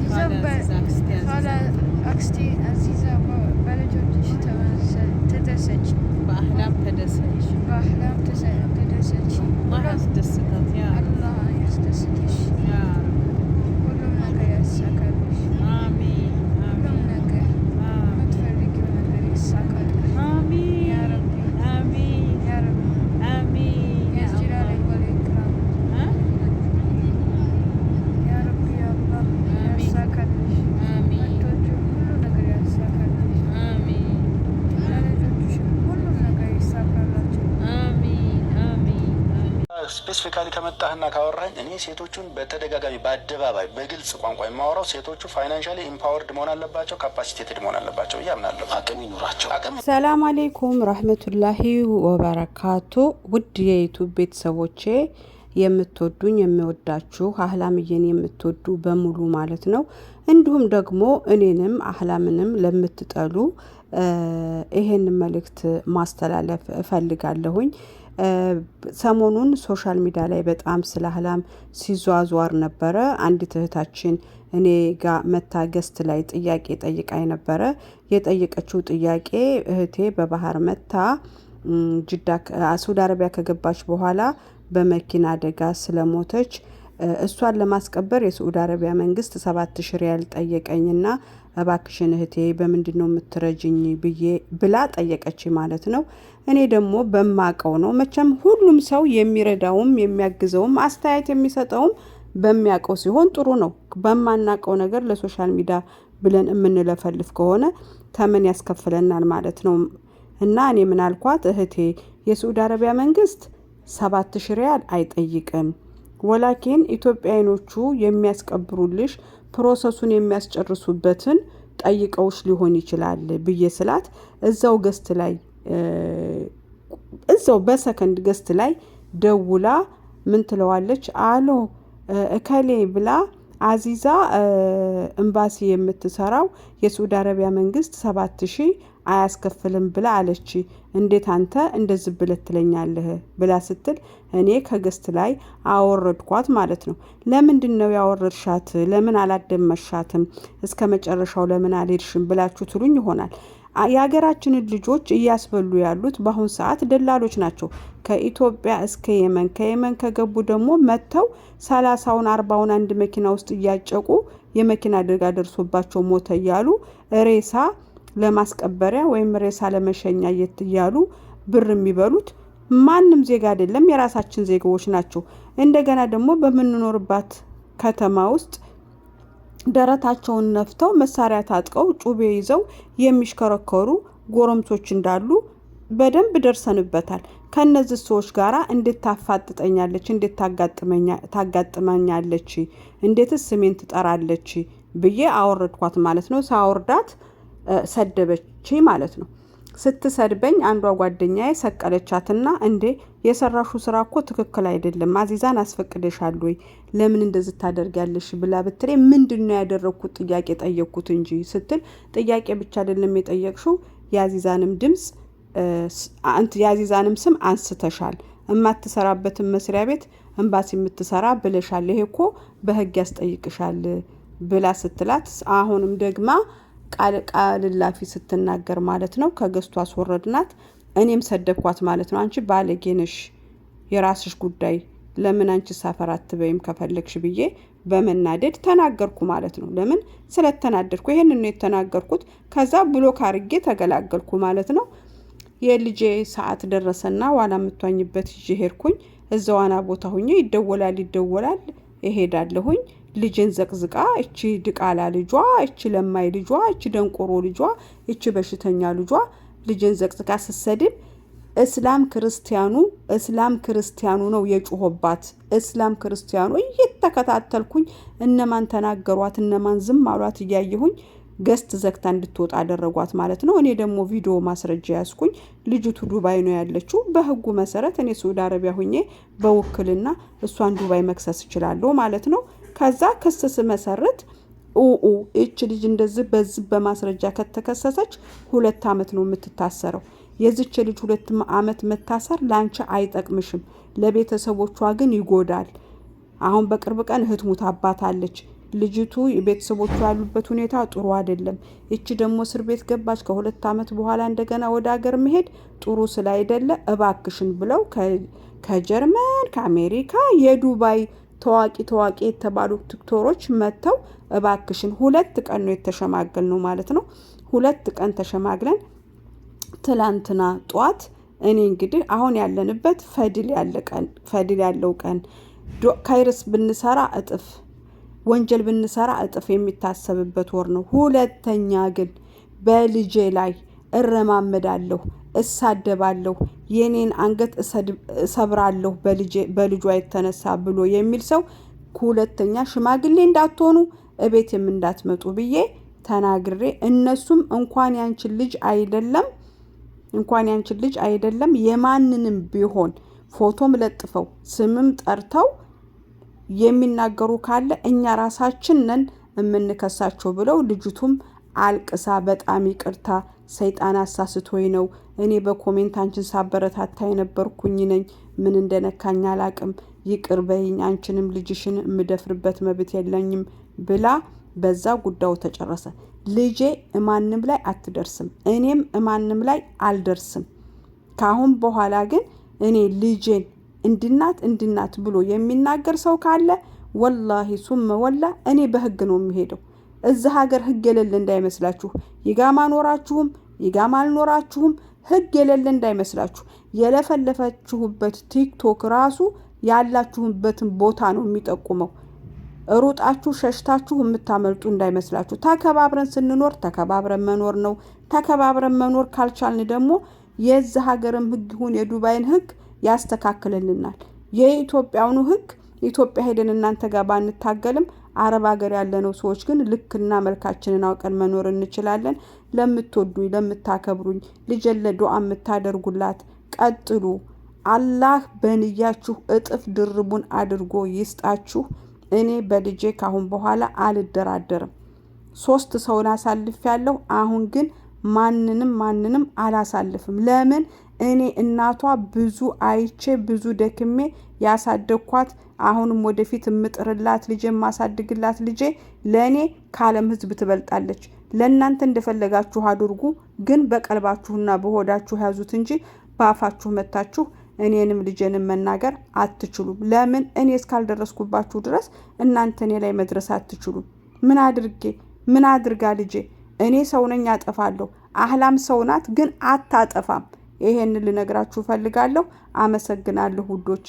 Azize ve Fara Aksti Azize ve Belediye Tedeseç. Bahlem Tedeseç. Bahlem Tedeseç. Allah yastesetiş. Allah yastesetiş. Ya Rabbi. ስፔሲፊካሊ ከመጣህና ካወራኝ እኔ ሴቶቹን በተደጋጋሚ በአደባባይ በግልጽ ቋንቋ የማወራው ሴቶቹ ፋይናንሻሊ ኢምፓወርድ መሆን አለባቸው፣ ካፓሲቴትድ መሆን አለባቸው ብዬ አቅም ይኑራቸው። አቅም ሰላም አሌይኩም ረህመቱላሂ ወበረካቱ። ውድ የዩቱብ ቤተሰቦቼ የምትወዱኝ የምወዳችሁ አህላምዬን የምትወዱ በሙሉ ማለት ነው። እንዲሁም ደግሞ እኔንም አህላምንም ለምትጠሉ ይሄን መልእክት ማስተላለፍ እፈልጋለሁኝ። ሰሞኑን ሶሻል ሚዲያ ላይ በጣም ስለ ህላም ሲዟዟር ነበረ። አንዲት እህታችን እኔ ጋ መታ ገስት ላይ ጥያቄ ጠይቃኝ ነበረ። የጠየቀችው ጥያቄ እህቴ በባህር መታ ጅዳ ሳውዲ አረቢያ ከገባች በኋላ በመኪና አደጋ ስለሞተች እሷን ለማስቀበር የስዑድ አረቢያ መንግስት ሰባት ሺ ሪያል ጠየቀኝና እባክሽን እህቴ በምንድን ነው የምትረጅኝ ብዬ ብላ ጠየቀች ማለት ነው። እኔ ደግሞ በማቀው ነው መቼም ሁሉም ሰው የሚረዳውም የሚያግዘውም አስተያየት የሚሰጠውም በሚያውቀው ሲሆን ጥሩ ነው። በማናቀው ነገር ለሶሻል ሚዲያ ብለን የምንለፈልፍ ከሆነ ተመን ያስከፍለናል ማለት ነው። እና እኔ ምናልኳት እህቴ የስዑድ አረቢያ መንግስት ሰባት ሺ ሪያል አይጠይቅም ወላኬን ኢትዮጵያኖቹ የሚያስቀብሩልሽ ፕሮሰሱን የሚያስጨርሱበትን ጠይቀውሽ ሊሆን ይችላል ብዬ ስላት እዛው ገስት ላይ እዛው በሰከንድ ገስት ላይ ደውላ ምን ትለዋለች? አሎ እከሌ ብላ አዚዛ ኤምባሲ የምትሰራው የሳውዲ አረቢያ መንግስት ሰባት ሺህ አያስከፍልም ብላ አለች። እንዴት አንተ እንደዚህ ብለት ትለኛለህ? ብላ ስትል እኔ ከገስት ላይ አወረድኳት ማለት ነው። ለምንድን ነው ያወረድሻት? ለምን አላደመሻትም? እስከ መጨረሻው ለምን አልሄድሽም? ብላችሁ ትሉኝ ይሆናል። የሀገራችንን ልጆች እያስበሉ ያሉት በአሁን ሰዓት ደላሎች ናቸው። ከኢትዮጵያ እስከ የመን ከየመን ከገቡ ደግሞ መጥተው ሰላሳውን አርባውን አንድ መኪና ውስጥ እያጨቁ የመኪና አደጋ ደርሶባቸው ሞተ እያሉ ሬሳ ለማስቀበሪያ ወይም ሬሳ ለመሸኛ እያሉ ብር የሚበሉት ማንም ዜጋ አይደለም፣ የራሳችን ዜጋዎች ናቸው። እንደገና ደግሞ በምንኖርባት ከተማ ውስጥ ደረታቸውን ነፍተው መሳሪያ ታጥቀው ጩቤ ይዘው የሚሽከረከሩ ጎረምሶች እንዳሉ በደንብ ደርሰንበታል። ከነዚህ ሰዎች ጋር እንዴት ታፋጥጠኛለች? እንዴት ታጋጥመኛለች? እንዴትስ ስሜን ትጠራለች ብዬ አወረድኳት ማለት ነው። ሳወርዳት ሰደበች ማለት ነው። ስትሰድበኝ አንዷ ጓደኛዬ ሰቀለቻትና እንዴ የሰራሹ ስራ እኮ ትክክል አይደለም፣ አዚዛን አስፈቅደሻል ወይ ለምን እንደዚህ ታደርጊያለሽ ብላ ብትሬ ምንድን ነው ያደረግኩት ጥያቄ ጠየቅኩት እንጂ ስትል ጥያቄ ብቻ አይደለም የጠየቅሽው የአዚዛንም ድምፅ የአዚዛንም ስም አንስተሻል፣ እማትሰራበትን መስሪያ ቤት እምባስ የምትሰራ ብለሻል፣ ይሄ እኮ በህግ ያስጠይቅሻል ብላ ስትላት አሁንም ደግማ ቃልላፊ ስትናገር ማለት ነው። ከገዝቱ አስወረድናት። እኔም ሰደብኳት ማለት ነው። አንቺ ባለጌ ነሽ፣ የራስሽ ጉዳይ፣ ለምን አንቺ ሳፈር አትበይም ከፈለግሽ ብዬ በመናደድ ተናገርኩ ማለት ነው። ለምን ስለተናደድኩ ይሄን ነው የተናገርኩት። ከዛ ብሎክ አርጌ ተገላገልኩ ማለት ነው። የልጄ ሰዓት ደረሰና ዋላ የምቷኝበት ይዤ ሄድኩኝ። እዛ ዋና ቦታ ሁኜ ይደወላል ይደወላል፣ እሄዳለሁኝ ልጅን ዘቅዝቃ እቺ ድቃላ ልጇ፣ እቺ ለማይ ልጇ፣ እቺ ደንቆሮ ልጇ፣ እቺ በሽተኛ ልጇ ልጅን ዘቅዝቃ ስትሰድብ እስላም ክርስቲያኑ እስላም ክርስቲያኑ ነው የጮሆባት። እስላም ክርስቲያኑ እየተከታተልኩኝ እነማን ተናገሯት እነማን ዝም አሏት እያየሁኝ ገስት ዘግታ እንድትወጣ አደረጓት ማለት ነው። እኔ ደግሞ ቪዲዮ ማስረጃ ያስኩኝ ልጅቱ ዱባይ ነው ያለችው። በህጉ መሰረት እኔ ሳውዲ አረቢያ ሁኜ በውክልና እሷን ዱባይ መክሰስ እችላለሁ ማለት ነው። ከዛ ክስ ስመሰርት ኡኡ እች ልጅ እንደዚህ በዚህ በማስረጃ ከተከሰሰች ሁለት ዓመት ነው የምትታሰረው። የዚች ልጅ ሁለት አመት መታሰር ላንቺ አይጠቅምሽም፣ ለቤተሰቦቿ ግን ይጎዳል። አሁን በቅርብ ቀን እህት ሙት አባት አለች። ልጅቱ ቤተሰቦቿ ያሉበት ሁኔታ ጥሩ አይደለም። እቺ ደግሞ እስር ቤት ገባች። ከሁለት ዓመት በኋላ እንደገና ወደ ሀገር መሄድ ጥሩ ስላይደለ እባክሽን ብለው ከጀርመን ከአሜሪካ የዱባይ ታዋቂ ታዋቂ የተባሉ ቲክቶሮች መጥተው እባክሽን ሁለት ቀን ነው የተሸማገል ነው ማለት ነው። ሁለት ቀን ተሸማግለን ትላንትና ጠዋት እኔ እንግዲህ አሁን ያለንበት ፈድል ያለ ቀን ፈድል ያለው ቀን ካይርስ ብንሰራ እጥፍ ወንጀል ብንሰራ እጥፍ የሚታሰብበት ወር ነው። ሁለተኛ ግን በልጄ ላይ እረማመዳለሁ፣ እሳደባለሁ፣ የኔን አንገት እሰብራለሁ በልጇ የተነሳ ብሎ የሚል ሰው ሁለተኛ ሽማግሌ እንዳትሆኑ እቤትም እንዳትመጡ ብዬ ተናግሬ እነሱም እንኳን ያንችን ልጅ አይደለም እንኳን ያንችን ልጅ አይደለም የማንንም ቢሆን ፎቶም ለጥፈው ስምም ጠርተው የሚናገሩ ካለ እኛ ራሳችን ነን የምንከሳቸው ብለው ልጅቱም አልቅሳ በጣም ይቅርታ ሰይጣን አሳስቶኝ ነው። እኔ በኮሜንት አንቺን ሳበረታታ የነበርኩኝ ነኝ። ምን እንደነካኝ አላቅም። ይቅር በይኝ። አንቺንም ልጅሽን የምደፍርበት መብት የለኝም ብላ በዛ ጉዳዩ ተጨረሰ። ልጄ እማንም ላይ አትደርስም፣ እኔም እማንም ላይ አልደርስም። ካሁን በኋላ ግን እኔ ልጄን እንድናት እንድናት ብሎ የሚናገር ሰው ካለ ወላሂ ሱመ ወላ እኔ በህግ ነው የሚሄደው። እዚህ ሀገር ህግ የሌለ እንዳይመስላችሁ። ይጋማ ኖራችሁም ይጋማ አልኖራችሁም ህግ የሌለ እንዳይመስላችሁ። የለፈለፈችሁበት ቲክቶክ ራሱ ያላችሁበትን ቦታ ነው የሚጠቁመው። ሩጣችሁ ሸሽታችሁ የምታመልጡ እንዳይመስላችሁ። ተከባብረን ስንኖር ተከባብረን መኖር ነው። ተከባብረን መኖር ካልቻልን ደግሞ የዚ ሀገርም ህግ ይሁን የዱባይን ህግ ያስተካክልልናል። የኢትዮጵያውኑ ህግ ኢትዮጵያ ሄደን እናንተ ጋር ባንታገልም አረብ ሀገር ያለነው ሰዎች ግን ልክና መልካችንን አውቀን መኖር እንችላለን። ለምትወዱኝ፣ ለምታከብሩኝ፣ ልጄን ለዱዓ የምታደርጉላት ቀጥሉ። አላህ በንያችሁ እጥፍ ድርቡን አድርጎ ይስጣችሁ። እኔ በልጄ ካሁን በኋላ አልደራደርም። ሶስት ሰውን አሳልፍ ያለሁ አሁን ግን ማንንም ማንንም አላሳልፍም። ለምን እኔ እናቷ ብዙ አይቼ ብዙ ደክሜ ያሳደግኳት አሁንም ወደፊት የምጥርላት ልጄ የማሳድግላት ልጄ ለእኔ ከዓለም ሕዝብ ትበልጣለች። ለእናንተ እንደፈለጋችሁ አድርጉ፣ ግን በቀልባችሁና በሆዳችሁ ያዙት እንጂ በአፋችሁ መታችሁ እኔንም ልጄንም መናገር አትችሉም። ለምን እኔ እስካልደረስኩባችሁ ድረስ እናንተ እኔ ላይ መድረስ አትችሉም። ምን አድርጌ ምን አድርጋ ልጄ እኔ ሰው ነኝ አጠፋለሁ። አህላም ሰው ናት ግን አታጠፋም። ይሄን ልነግራችሁ ፈልጋለሁ አመሰግናለሁ ውዶቼ።